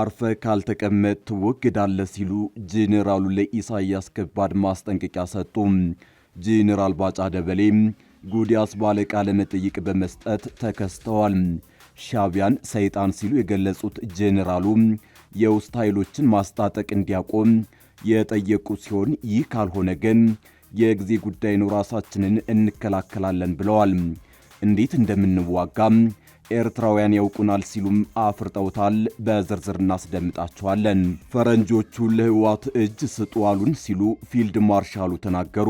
አርፈ ካልተቀመጥ ትወገዳለ ሲሉ ጄኔራሉ ለኢሳያስ ከባድ ማስጠንቀቂያ ሰጡ። ጄኔራል ባጫ ደበሌ ጉዲያስ ባለ ቃለ መጠይቅ በመስጠት ተከስተዋል። ሻቢያን ሰይጣን ሲሉ የገለጹት ጄኔራሉ የውስጥ ኃይሎችን ማስታጠቅ እንዲያቆም የጠየቁ ሲሆን ይህ ካልሆነ ግን የጊዜ ጉዳይ ነው፣ ራሳችንን እንከላከላለን ብለዋል። እንዴት እንደምንዋጋም ኤርትራውያን ያውቁናል ሲሉም አፍርጠውታል። በዝርዝር እናስደምጣቸዋለን። ፈረንጆቹ ለህወሓት እጅ ስጡ አሉን ሲሉ ፊልድ ማርሻሉ ተናገሩ።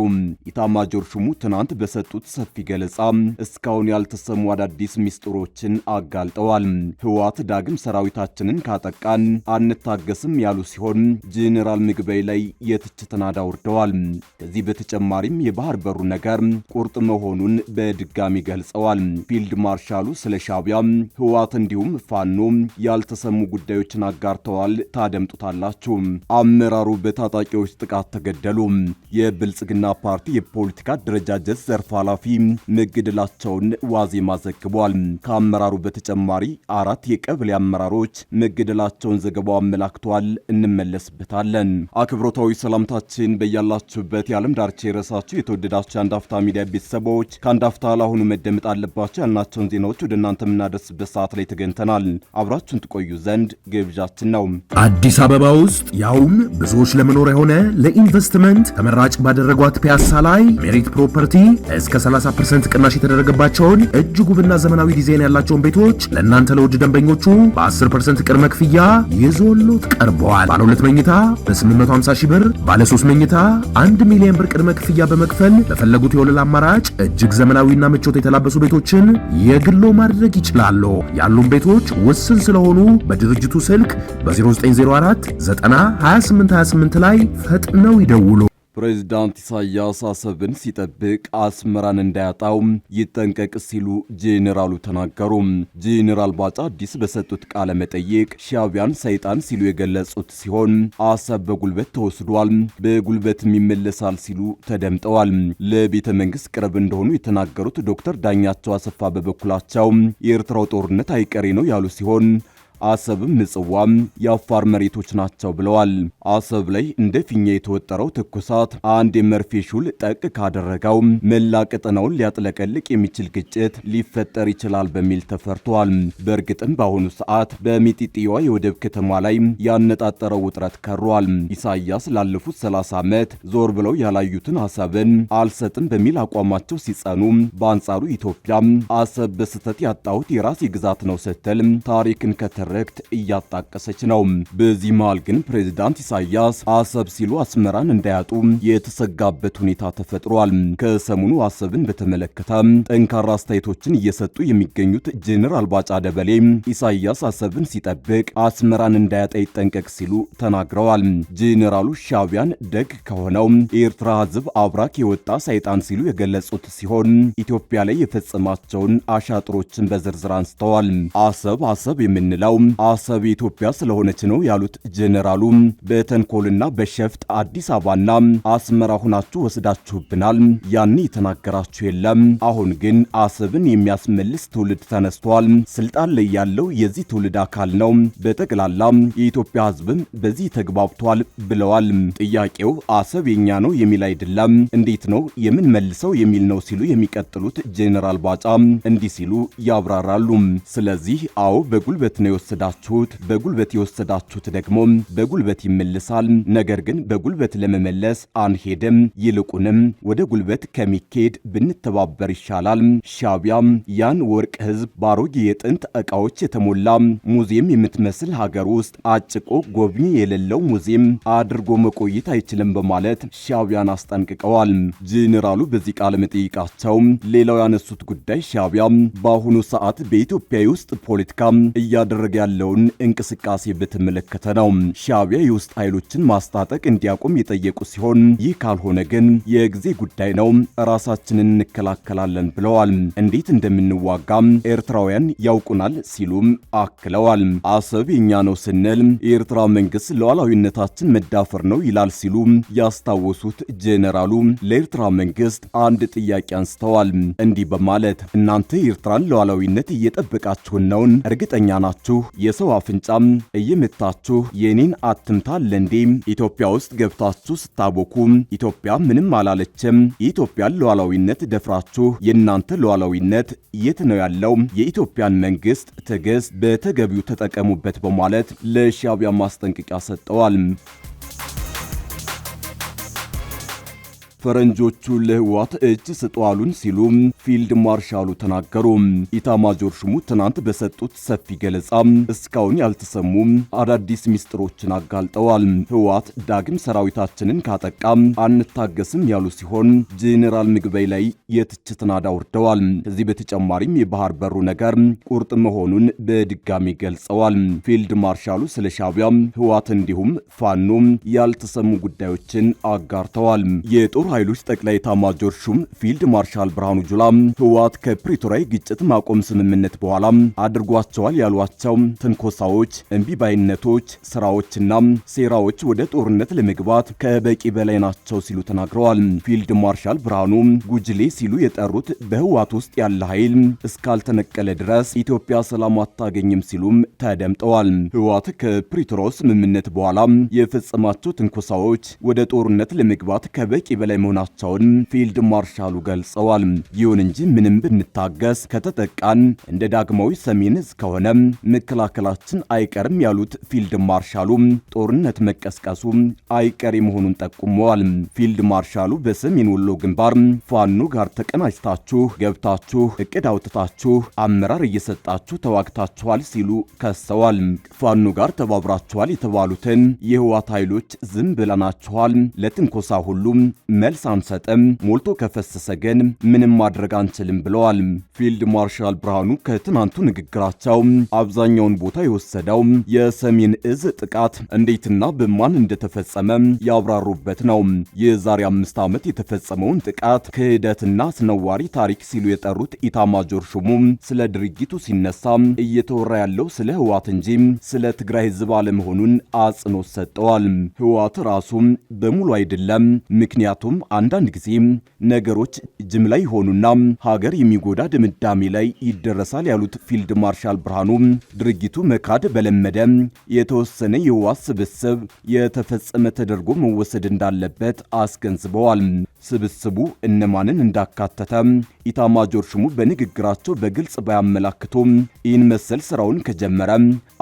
ኢታማጆር ሹሙ ትናንት በሰጡት ሰፊ ገለጻ እስካሁን ያልተሰሙ አዳዲስ ሚስጥሮችን አጋልጠዋል። ህወሓት ዳግም ሰራዊታችንን ካጠቃን አንታገስም ያሉ ሲሆን ጄኔራል ምግበይ ላይ የትችት ናዳ አውርደዋል። ከዚህ በተጨማሪም የባህር በሩ ነገር ቁርጥ መሆኑን በድጋሚ ገልጸዋል። ፊልድ ማርሻሉ ስለ ሻ ሻዕቢያ፣ ህወሓት እንዲሁም ፋኖ ያልተሰሙ ጉዳዮችን አጋርተዋል። ታደምጡታላችሁ። አመራሩ በታጣቂዎች ጥቃት ተገደሉ። የብልጽግና ፓርቲ የፖለቲካ አደረጃጀት ዘርፍ ኃላፊ መገደላቸውን ዋዜማ ዘግቧል። ከአመራሩ በተጨማሪ አራት የቀበሌ አመራሮች መገደላቸውን ዘገባው አመላክቷል። እንመለስበታለን። አክብሮታዊ ሰላምታችን በያላችሁበት የዓለም ዳርቻ የረሳችሁ የተወደዳችሁ የአንዳፍታ ሚዲያ ቤተሰቦች ከአንዳፍታ ላሁኑ ለአሁኑ መደመጥ አለባቸው ያልናቸውን ዜናዎች ወደ እናንተ በምናደርስበት ሰዓት ላይ ተገኝተናል። አብራችሁን ትቆዩ ዘንድ ግብዣችን ነው። አዲስ አበባ ውስጥ ያውም ብዙዎች ለመኖር የሆነ ለኢንቨስትመንት ተመራጭ ባደረጓት ፒያሳ ላይ ሜሪት ፕሮፐርቲ እስከ 30 ቅናሽ የተደረገባቸውን እጅግ ውብና ዘመናዊ ዲዛይን ያላቸውን ቤቶች ለእናንተ ለውድ ደንበኞቹ በ10 ቅድመ ክፍያ ይዞሎት ቀርበዋል። ባለ ሁለት መኝታ በ850 ሺህ ብር፣ ባለ ሶስት መኝታ 1 ሚሊዮን ብር ቅድመ ክፍያ በመክፈል በፈለጉት የወለል አማራጭ እጅግ ዘመናዊና ምቾት የተላበሱ ቤቶችን የግሎ ማድረግ ይችላሉ። ያሉን ቤቶች ውስን ስለሆኑ በድርጅቱ ስልክ በ0904 9 28 ላይ ፈጥነው ይደውሉ። ፕሬዚዳንት ኢሳያስ አሰብን ሲጠብቅ አስመራን እንዳያጣው ይጠንቀቅ ሲሉ ጄኔራሉ ተናገሩ። ጄኔራል ባጫ አዲስ በሰጡት ቃለ መጠይቅ ሻቢያን ሰይጣን ሲሉ የገለጹት ሲሆን አሰብ በጉልበት ተወስዷል፣ በጉልበትም ይመለሳል ሲሉ ተደምጠዋል። ለቤተ መንግስት ቅርብ እንደሆኑ የተናገሩት ዶክተር ዳኛቸው አሰፋ በበኩላቸው የኤርትራው ጦርነት አይቀሬ ነው ያሉ ሲሆን አሰብም ምጽዋም የአፋር መሬቶች ናቸው ብለዋል። አሰብ ላይ እንደ ፊኛ የተወጠረው ትኩሳት አንድ የመርፌ ሹል ጠቅ ካደረገው መላ ቀጠናውን ሊያጥለቀልቅ የሚችል ግጭት ሊፈጠር ይችላል በሚል ተፈርቷል። በእርግጥም በአሁኑ ሰዓት በሚጢጢዋ የወደብ ከተማ ላይ ያነጣጠረው ውጥረት ከሯል። ኢሳያስ ላለፉት 30 ዓመት ዞር ብለው ያላዩትን አሰብን አልሰጥም በሚል አቋማቸው ሲጸኑ፣ በአንጻሩ ኢትዮጵያ አሰብ በስህተት ያጣሁት የራሴ ግዛት ነው ስትል ታሪክን ከተ ትርክት እያጣቀሰች ነው። በዚህ መሃል ግን ፕሬዚዳንት ኢሳያስ አሰብ ሲሉ አስመራን እንዳያጡ የተሰጋበት ሁኔታ ተፈጥሯል። ከሰሞኑ አሰብን በተመለከተ ጠንካራ አስተያየቶችን እየሰጡ የሚገኙት ጄኔራል ባጫ ደበሌ ኢሳያስ አሰብን ሲጠብቅ አስመራን እንዳያጣ ይጠንቀቅ ሲሉ ተናግረዋል። ጄኔራሉ ሻቢያን ደግ ከሆነው የኤርትራ ህዝብ አብራክ የወጣ ሰይጣን ሲሉ የገለጹት ሲሆን ኢትዮጵያ ላይ የፈጸማቸውን አሻጥሮችን በዝርዝር አንስተዋል። አሰብ አሰብ የምንለው ዋናውም አሰብ የኢትዮጵያ ስለሆነች ነው ያሉት ጄኔራሉ በተንኮልና በሸፍጥ አዲስ አበባና አስመራ ሁናችሁ ወስዳችሁብናል። ያን የተናገራችሁ የለም። አሁን ግን አሰብን የሚያስመልስ ትውልድ ተነስቷል። ስልጣን ላይ ያለው የዚህ ትውልድ አካል ነው። በጠቅላላ የኢትዮጵያ ሕዝብም በዚህ ተግባብቷል ብለዋል። ጥያቄው አሰብ የኛ ነው የሚል አይደለም፣ እንዴት ነው የምንመልሰው የሚል ነው ሲሉ የሚቀጥሉት ጄኔራል ባጫ እንዲህ ሲሉ ያብራራሉ። ስለዚህ አዎ በጉልበት ነው የወሰዳችሁት በጉልበት የወሰዳችሁት ደግሞ በጉልበት ይመልሳል። ነገር ግን በጉልበት ለመመለስ አንሄድም። ይልቁንም ወደ ጉልበት ከሚኬድ ብንተባበር ይሻላል። ሻቢያ ያን ወርቅ ህዝብ በአሮጌ የጥንት ዕቃዎች የተሞላ ሙዚየም የምትመስል ሀገር ውስጥ አጭቆ ጎብኚ የሌለው ሙዚየም አድርጎ መቆየት አይችልም በማለት ሻቢያን አስጠንቅቀዋል። ጄኔራሉ በዚህ ቃለ መጠይቃቸው ሌላው ያነሱት ጉዳይ ሻቢያ በአሁኑ ሰዓት በኢትዮጵያ ውስጥ ፖለቲካ እያደረገ እያደረገ ያለውን እንቅስቃሴ በተመለከተ ነው። ሻቢያ የውስጥ ኃይሎችን ማስታጠቅ እንዲያቆም የጠየቁ ሲሆን ይህ ካልሆነ ግን የጊዜ ጉዳይ ነው፣ ራሳችንን እንከላከላለን ብለዋል። እንዴት እንደምንዋጋም ኤርትራውያን ያውቁናል ሲሉም አክለዋል። አሰብ የኛ ነው ስንል የኤርትራ መንግስት ሉዓላዊነታችን መዳፈር ነው ይላል ሲሉ ያስታወሱት ጄኔራሉ ለኤርትራ መንግስት አንድ ጥያቄ አንስተዋል። እንዲህ በማለት እናንተ የኤርትራን ሉዓላዊነት እየጠበቃችሁን ነውን? እርግጠኛ ናችሁ? የሰው አፍንጫም እየመታችሁ የኔን አትምታል እንዴ? ኢትዮጵያ ውስጥ ገብታችሁ ስታቦኩ ኢትዮጵያ ምንም አላለችም። የኢትዮጵያን ሉዓላዊነት ደፍራችሁ የእናንተ ሉዓላዊነት የት ነው ያለው? የኢትዮጵያን መንግስት ትዕግስት በተገቢው ተጠቀሙበት በማለት ለሻዕቢያ ማስጠንቀቂያ ሰጠዋል። ፈረንጆቹ ለህዋት እጅ ስጧሉን ሲሉ ፊልድ ማርሻሉ ተናገሩ። ኢታማጆር ሹሙ ትናንት በሰጡት ሰፊ ገለጻ እስካሁን ያልተሰሙ አዳዲስ ሚስጥሮችን አጋልጠዋል። ህዋት ዳግም ሰራዊታችንን ካጠቃ አንታገስም ያሉ ሲሆን ጄኔራል ምግበይ ላይ የትችት ናዳ አውርደዋል። ከዚህ በተጨማሪም የባህር በሩ ነገር ቁርጥ መሆኑን በድጋሚ ገልጸዋል። ፊልድ ማርሻሉ ስለ ሻቢያ ህዋት እንዲሁም ፋኖ ያልተሰሙ ጉዳዮችን አጋርተዋል። የጦር ኃይሎች ጠቅላይ ኤታማዦር ሹም ፊልድ ማርሻል ብርሃኑ ጁላ ህወሓት ከፕሪቶሪያ ግጭት ማቆም ስምምነት በኋላ አድርጓቸዋል ያሏቸው ትንኮሳዎች፣ እምቢባይነቶች፣ ስራዎችና ሴራዎች ወደ ጦርነት ለመግባት ከበቂ በላይ ናቸው ሲሉ ተናግረዋል። ፊልድ ማርሻል ብርሃኑ ጉጅሌ ሲሉ የጠሩት በህወሓት ውስጥ ያለ ኃይል እስካልተነቀለ ድረስ ኢትዮጵያ ሰላም አታገኝም ሲሉም ተደምጠዋል። ህወሓት ከፕሪቶሪያው ስምምነት በኋላ የፈጸማቸው ትንኮሳዎች ወደ ጦርነት ለመግባት ከበቂ በላይ መሆናቸውን ፊልድ ማርሻሉ ገልጸዋል። ይሁን እንጂ ምንም ብንታገስ ከተጠቃን እንደ ዳግማዊ ሰሜን እዝ ከሆነ መከላከላችን አይቀርም ያሉት ፊልድ ማርሻሉ ጦርነት መቀስቀሱ አይቀሬ መሆኑን ጠቁመዋል። ፊልድ ማርሻሉ በሰሜን ወሎ ግንባር ፋኖ ጋር ተቀናጅታችሁ ገብታችሁ እቅድ አውጥታችሁ አመራር እየሰጣችሁ ተዋግታችኋል ሲሉ ከሰዋል። ፋኖ ጋር ተባብራችኋል የተባሉትን የህዋት ኃይሎች ዝም ብለናችኋል፣ ለትንኮሳ ሁሉም መልስ አንሰጥም፣ ሞልቶ ከፈሰሰ ግን ምንም ማድረግ አንችልም ብለዋል። ፊልድ ማርሻል ብርሃኑ ከትናንቱ ንግግራቸው አብዛኛውን ቦታ የወሰደው የሰሜን እዝ ጥቃት እንዴትና በማን እንደተፈጸመ ያብራሩበት ነው። የዛሬ አምስት ዓመት የተፈጸመውን ጥቃት ክህደትና አስነዋሪ ታሪክ ሲሉ የጠሩት ኢታማጆር ሹሙ ስለ ድርጊቱ ሲነሳ እየተወራ ያለው ስለ ህዋት እንጂ ስለ ትግራይ ህዝብ አለመሆኑን አጽንኦት ሰጠዋል። ህዋት ራሱ በሙሉ አይደለም፣ ምክንያቱም አንዳንድ ጊዜ ነገሮች ጅምላ ይሆኑና ሀገር የሚጎዳ ድምዳሜ ላይ ይደረሳል ያሉት ፊልድ ማርሻል ብርሃኑ ድርጊቱ መካድ በለመደ የተወሰነ የህወሓት ስብስብ የተፈጸመ ተደርጎ መወሰድ እንዳለበት አስገንዝበዋል። ስብስቡ እነማንን እንዳካተተ ኢታማጆር ሹሙ በንግግራቸው በግልጽ ባያመላክቱም ይህን መሰል ስራውን ከጀመረ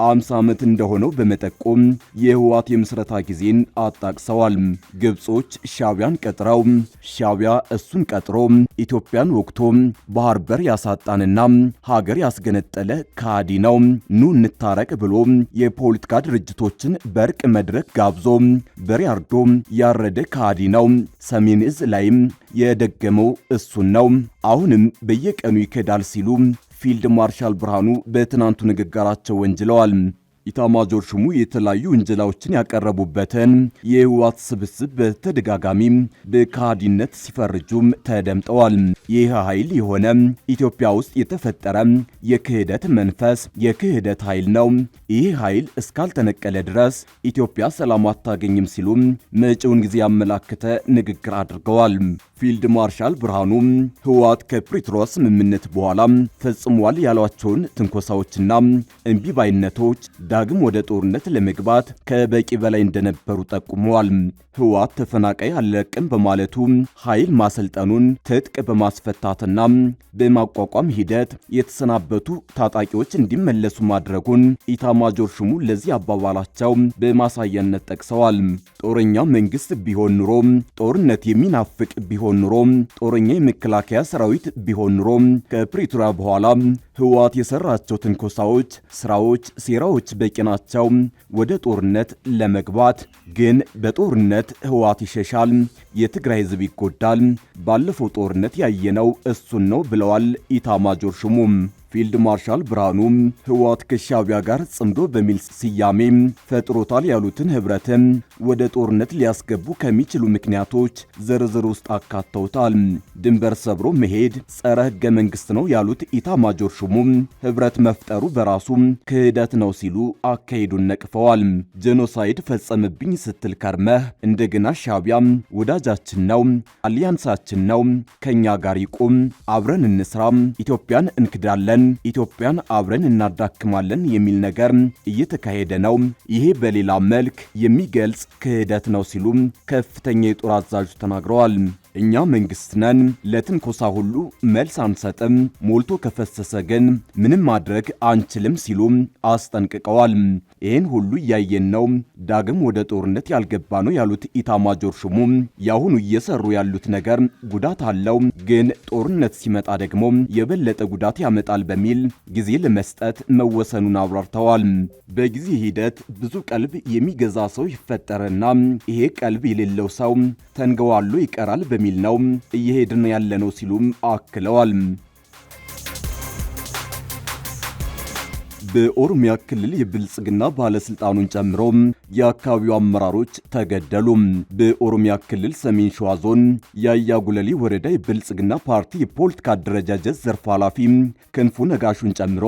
50 ዓመት እንደሆነው በመጠቆም የህወሓት የምስረታ ጊዜን አጣቅሰዋል። ግብጾች ሻቢያን ቀጥረው ሻቢያ እሱን ቀጥሮ ኢትዮጵያን ወቅቶ ባህር በር ያሳጣንና ሀገር ያስገነጠለ ከሃዲ ነው፣ ኑ እንታረቅ ብሎ የፖለቲካ ድርጅቶችን በእርቅ መድረክ ጋብዞ በሬ አርዶ ያረደ ከሃዲ ነው። ሰሜን እዝ ላይም የደገመው እሱን ነው። አሁንም በየቀኑ ይከዳል ሲሉ ፊልድ ማርሻል ብርሃኑ በትናንቱ ንግግራቸው ወንጅለዋል። ኢታማጆር ሹሙ የተለያዩ ውንጀላዎችን ያቀረቡበትን የህወሓት ስብስብ በተደጋጋሚ በካሃዲነት ሲፈርጁም ተደምጠዋል። ይህ ኃይል የሆነ ኢትዮጵያ ውስጥ የተፈጠረ የክህደት መንፈስ የክህደት ኃይል ነው። ይህ ኃይል እስካልተነቀለ ድረስ ኢትዮጵያ ሰላም አታገኝም ሲሉ መጪውን ጊዜ ያመላክተ ንግግር አድርገዋል። ፊልድ ማርሻል ብርሃኑ ህወሓት ከፕሪቶሪያ ስምምነት በኋላ ፈጽሟል ያሏቸውን ትንኮሳዎችና እምቢባይነቶች ዳግም ወደ ጦርነት ለመግባት ከበቂ በላይ እንደነበሩ ጠቁመዋል። ህወሓት ተፈናቃይ አልለቅም በማለቱ ኃይል ማሰልጠኑን ትጥቅ በማስፈታትና በማቋቋም ሂደት የተሰናበቱ ታጣቂዎች እንዲመለሱ ማድረጉን ኢታማጆር ሹሙ ለዚህ አባባላቸው በማሳያነት ጠቅሰዋል። ጦረኛ መንግስት ቢሆን ኑሮ፣ ጦርነት የሚናፍቅ ቢሆን ኑሮ፣ ጦረኛ የመከላከያ ሰራዊት ቢሆን ኑሮ ከፕሪቶሪያ በኋላ ህወሓት የሰራቸው ትንኮሳዎች፣ ስራዎች፣ ሴራዎች በቂ ናቸው። ወደ ጦርነት ለመግባት ግን በጦርነት ህወሓት ይሸሻል፣ የትግራይ ህዝብ ይጎዳል። ባለፈው ጦርነት ያየነው እሱን ነው ብለዋል ኢታማጆር ሹሙም ፊልድ ማርሻል ብርሃኑ ህወሓት ከሻቢያ ጋር ጽምዶ በሚል ስያሜ ፈጥሮታል ያሉትን ህብረትን ወደ ጦርነት ሊያስገቡ ከሚችሉ ምክንያቶች ዝርዝር ውስጥ አካተውታል። ድንበር ሰብሮ መሄድ ጸረ ህገ መንግስት ነው ያሉት ኢታ ማጆር ሹሙ ህብረት መፍጠሩ በራሱ ክህደት ነው ሲሉ አካሄዱን ነቅፈዋል። ጄኖሳይድ ፈጸምብኝ ስትል ከርመህ እንደገና ሻቢያ ወዳጃችን ነው፣ አሊያንሳችን ነው፣ ከእኛ ጋር ይቁም፣ አብረን እንስራ፣ ኢትዮጵያን እንክዳለን አድርገን ኢትዮጵያን አብረን እናዳክማለን የሚል ነገር እየተካሄደ ነው። ይሄ በሌላ መልክ የሚገልጽ ክህደት ነው ሲሉ ከፍተኛ የጦር አዛዦች ተናግረዋል። እኛ መንግስት ነን፣ ለትንኮሳ ሁሉ መልስ አንሰጥም፣ ሞልቶ ከፈሰሰ ግን ምንም ማድረግ አንችልም ሲሉ አስጠንቅቀዋል። ይህን ሁሉ እያየን ነው ዳግም ወደ ጦርነት ያልገባ ነው ያሉት ኢታማጆር ሹሙ የአሁኑ እየሰሩ ያሉት ነገር ጉዳት አለው፣ ግን ጦርነት ሲመጣ ደግሞ የበለጠ ጉዳት ያመጣል በሚል ጊዜ ለመስጠት መወሰኑን አብራርተዋል። በጊዜ ሂደት ብዙ ቀልብ የሚገዛ ሰው ይፈጠርና ይሄ ቀልብ የሌለው ሰው ተንገዋሎ ይቀራል በሚል ወደሚል ነው እየሄድን ያለነው ሲሉም አክለዋል። በኦሮሚያ ክልል የብልጽግና ባለስልጣኑን ጨምሮ የአካባቢው አመራሮች ተገደሉ። በኦሮሚያ ክልል ሰሜን ሸዋ ዞን የአያ ጉለሌ ወረዳ የብልጽግና ፓርቲ የፖለቲካ አደረጃጀት ዘርፍ ኃላፊ ክንፉ ነጋሹን ጨምሮ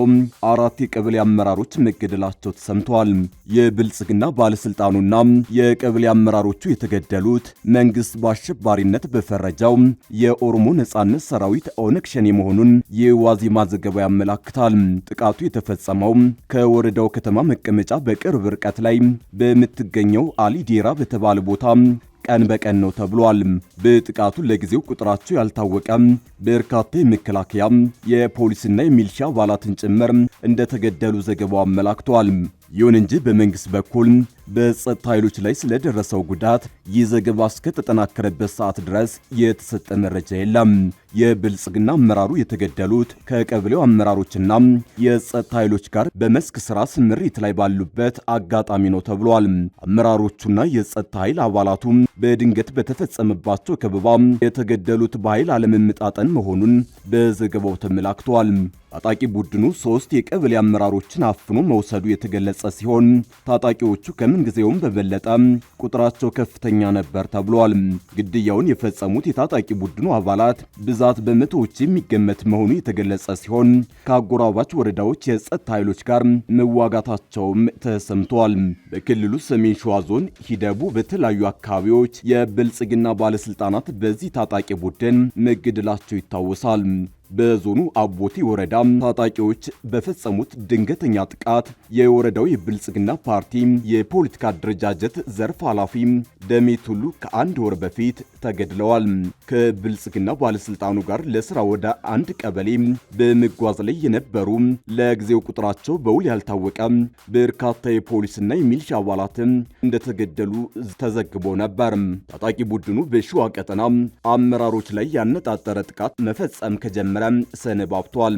አራት የቀበሌ አመራሮች መገደላቸው ተሰምተዋል። የብልጽግና ባለስልጣኑና የቀበሌ አመራሮቹ የተገደሉት መንግስት በአሸባሪነት በፈረጃው የኦሮሞ ነጻነት ሰራዊት ኦነግ ሸኔ መሆኑን የዋዜማ ዘገባ ያመላክታል። ጥቃቱ የተፈጸመው ከተማው ከወረዳው ከተማ መቀመጫ በቅርብ ርቀት ላይ በምትገኘው አሊ ዴራ በተባለ ቦታ ቀን በቀን ነው ተብሏል። በጥቃቱ ለጊዜው ቁጥራቸው ያልታወቀ በርካታ የመከላከያ የፖሊስና የሚሊሻ አባላትን ጭምር እንደተገደሉ ዘገባው አመላክቷል። ይሁን እንጂ በመንግስት በኩል በጸጥታ ኃይሎች ላይ ስለደረሰው ጉዳት ይህ ዘገባ እስከተጠናከረበት ሰዓት ድረስ የተሰጠ መረጃ የለም። የብልጽግና አመራሩ የተገደሉት ከቀበሌው አመራሮችና የጸጥታ ኃይሎች ጋር በመስክ ስራ ስምሪት ላይ ባሉበት አጋጣሚ ነው ተብሏል። አመራሮቹና የጸጥታ ኃይል አባላቱ በድንገት በተፈጸመባቸው ከበባ የተገደሉት በኃይል አለመመጣጠን መሆኑን በዘገባው ተመላክቷል። ታጣቂ ቡድኑ ሶስት የቀበሌ አመራሮችን አፍኖ መውሰዱ የተገለጸ ሲሆን ታጣቂዎቹ ከምንጊዜውም በበለጠ ቁጥራቸው ከፍተኛ ነበር ተብሏል። ግድያውን የፈጸሙት የታጣቂ ቡድኑ አባላት ብዛት በመቶዎች የሚገመት መሆኑ የተገለጸ ሲሆን ከአጎራባች ወረዳዎች የጸጥታ ኃይሎች ጋር መዋጋታቸውም ተሰምቷል። በክልሉ ሰሜን ሸዋ ዞን ሂደቡ በተለያዩ አካባቢዎች የብልጽግና ባለስልጣናት በዚህ ታጣቂ ቡድን መገደላቸው ይታወሳል። በዞኑ አቦቴ ወረዳ ታጣቂዎች በፈጸሙት ድንገተኛ ጥቃት የወረዳው የብልጽግና ፓርቲ የፖለቲካ አደረጃጀት ዘርፍ ኃላፊ ሁሉ ከአንድ ወር በፊት ተገድለዋል። ከብልጽግና ባለስልጣኑ ጋር ለስራ ወደ አንድ ቀበሌ በመጓዝ ላይ የነበሩ ለጊዜው ቁጥራቸው በውል ያልታወቀ በርካታ የፖሊስና የሚሊሻ አባላት እንደተገደሉ ተዘግቦ ነበር። ታጣቂ ቡድኑ በሸዋ ቀጠና አመራሮች ላይ ያነጣጠረ ጥቃት መፈጸም ከጀመረ እንደጀመረ ሰነባብቷል።